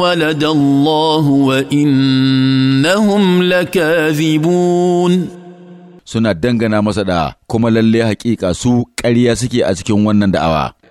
ولد الله وإنهم لكاذبون suna dangana masa da kuma lalle haƙiƙa su ƙarya suke a cikin wannan da'awa